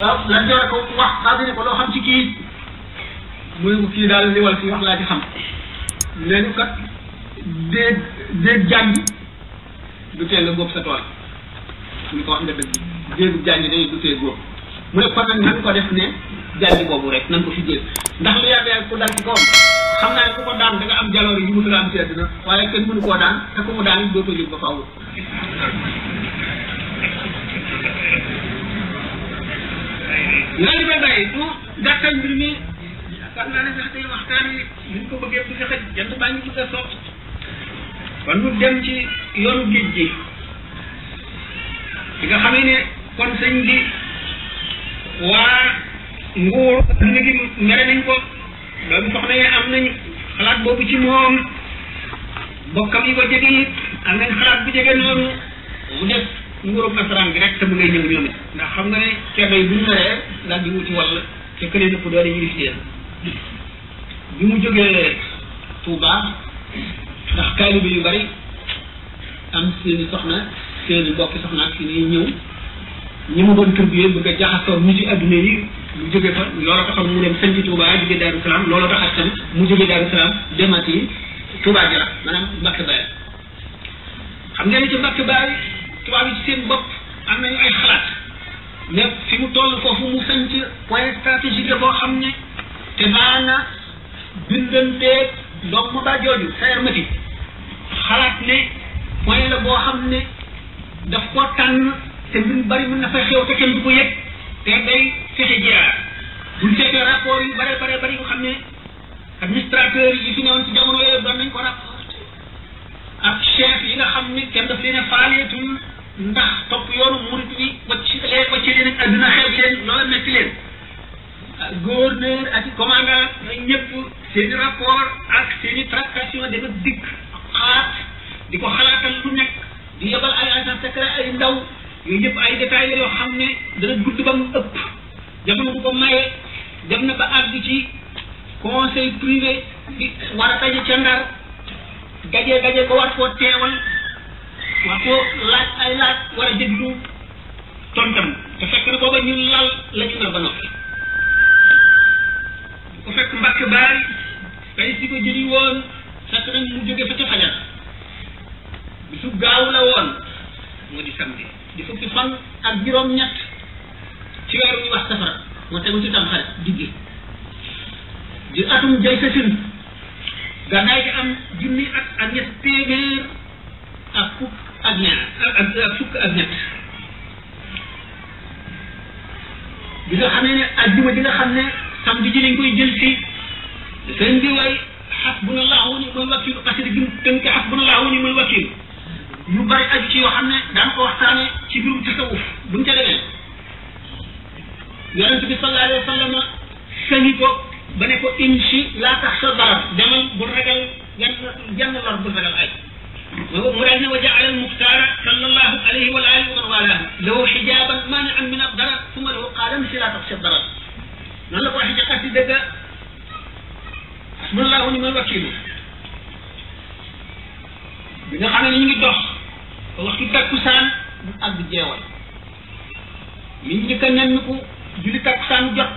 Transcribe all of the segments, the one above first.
waaw lan joxe ko wax ko loo xam ci kii mu ne kii daal li wala kii wax laa ci xam nee na kat déeg déeg jàng du tee nga góob sa tool mu ko wax nga dëgg déegu jàng day du tee góob mu ne kon nag nan ko def ne jàng boobu rek nan ko fi jël ndax lu yàgg yàgg xam naa ne daan da nga am jaloor yi yu mu am ci àddina waaye kenn mënu koo daan te ku mu daan it dootoo jóg ba faaw itu du mbir mi yaakaar naa ne sax tey waxtaan wi buñ ko bëggee bëgg a jant baa ngi bëgg a sopp kon ñu dem ci yoonu géej gi bi nga xamee ne kon sëñ bi waa nguur dina gi mere nañ ko doomu soxna yi am nañ xalaat boobu ci moom ngurum nasaraan gi rek te mu ngay ñëw ñoom ndax xam nga ne ceddo yi bu ñu naree daal di wuti wàll te kële nëpp doole yi gis leen bi mu jógee Touba ndax taalibe yu bari am seeni soxna seeni bokki soxna ak seeni ñëw ñi mu doon turbiyee bëgg a jaxasoo ñu ci adduna yi mu jóge fa loola taxam mu dem Touba jóge Salaam loola mu jóge Salaam demaat yi Touba point stratégique la boo xam ne te maana bindanteeg doomu daa jooju sahermatique xalaat ne point la boo xam ne daf koo tànn te mbir bari mën na fay xew te kenn du ko yëg te day fexe jaar buñ seetee rapport yu bare bare bari yu xam ne administrateur yi fi newoon ci jamono yooyu ko rapport ak chef yi nga xam ne kenn daf leen a faaleetul ndax topp yoonu murit bi gouverneur ak i commandant ñooñu ñëpp seen rapport ak seen tractation dafa dikk xalaat di ko xalaatal lu nekk di yebal ay agent secret ay ndaw yooyu yëpp ay détails yoo xam ne dana gudd ba mu ëpp jamono bu ko maye dem na ba àgg ci conseil privé bi war a daje ca ndar daje daje ba war koo teewal war koo laaj ay laaj war a jëgdu tontam te fekk na ñu lal la ci ba noppi bu fekk mbàkk baari kay si ko jëli woon fekk nag mu jóge fa ca fajar bisu gaaw la woon moo di samedi di fukki fan ak juróom-ñett ci weeru ñu wax safara moo tegu ci tam xarit diggi di atum jay sa sin gànnaay gi am junni ak ak ñett samedi ji lañ koy jël si sëñ bi way xasbunallahu ni mooy wakiil xasida gi mu tënk xasbunallahu ni mooy wakiil yu bari aju ci yoo xam ne daan ko waxtaane ci biirum tasawuf buñ ca demee yonent bi sallallahu alayhi wa sallam sëñi ko ba ne ko inchi laa tax sa darar demal bul ragal yan jenn lor bul ragal ay mu daal ne wa jaala al muxtaara sallallahu alayhi wa bi nga xam ñu ngi dox ba waxtu takkusaan mu àgg jeewal li ñu njëkk a nemmiku takkusaan jot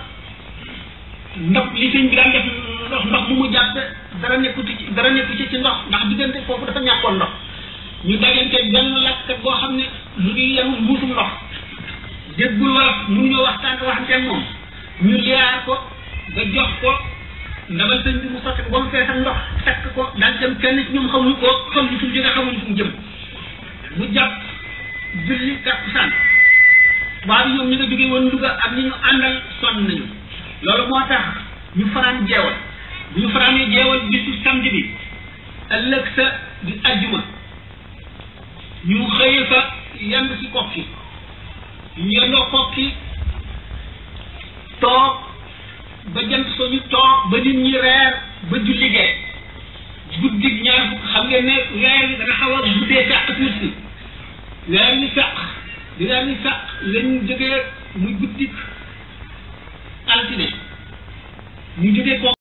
ndox li sëñ bi daan def ndox ndox mu mu jàpp dara nekku ci dara nekku ci ci ndox ndax diggante foofu dafa ñàkkoon ndox ñu dajante benn lakkat boo xam ne lu ngi yenu mbuusum ndox déggul wala mënuñoo waxtaan waxante moom ñu liyaar ko nga jox ko ndaba sëñ bi mu sotti ba mu ndox takk ko daal dem kenn ci ñoom xamuñu ko comme ñu tudd mu jëm mu jàpp julli takkusaan waa bi ñoom ñu nga jógee woon Louga ak ñi ñu àndal sonn nañu loolu moo tax ñu fanaan jeewal bu ñu fanaanee jeewal bisu samedi bi ëllëg sa di ajjuma ñu xëyee fa yand si kokki ñu yendoo kokki toog ba jant soñu to ba nit ñi reer ba julli gee guddig ñaar fukk xam ngeen ne weer wi dana xaw a guddee sàq tuuti weer wi sàq di weer wi sàq lañ jógee muy guddik altine ñu jógee ko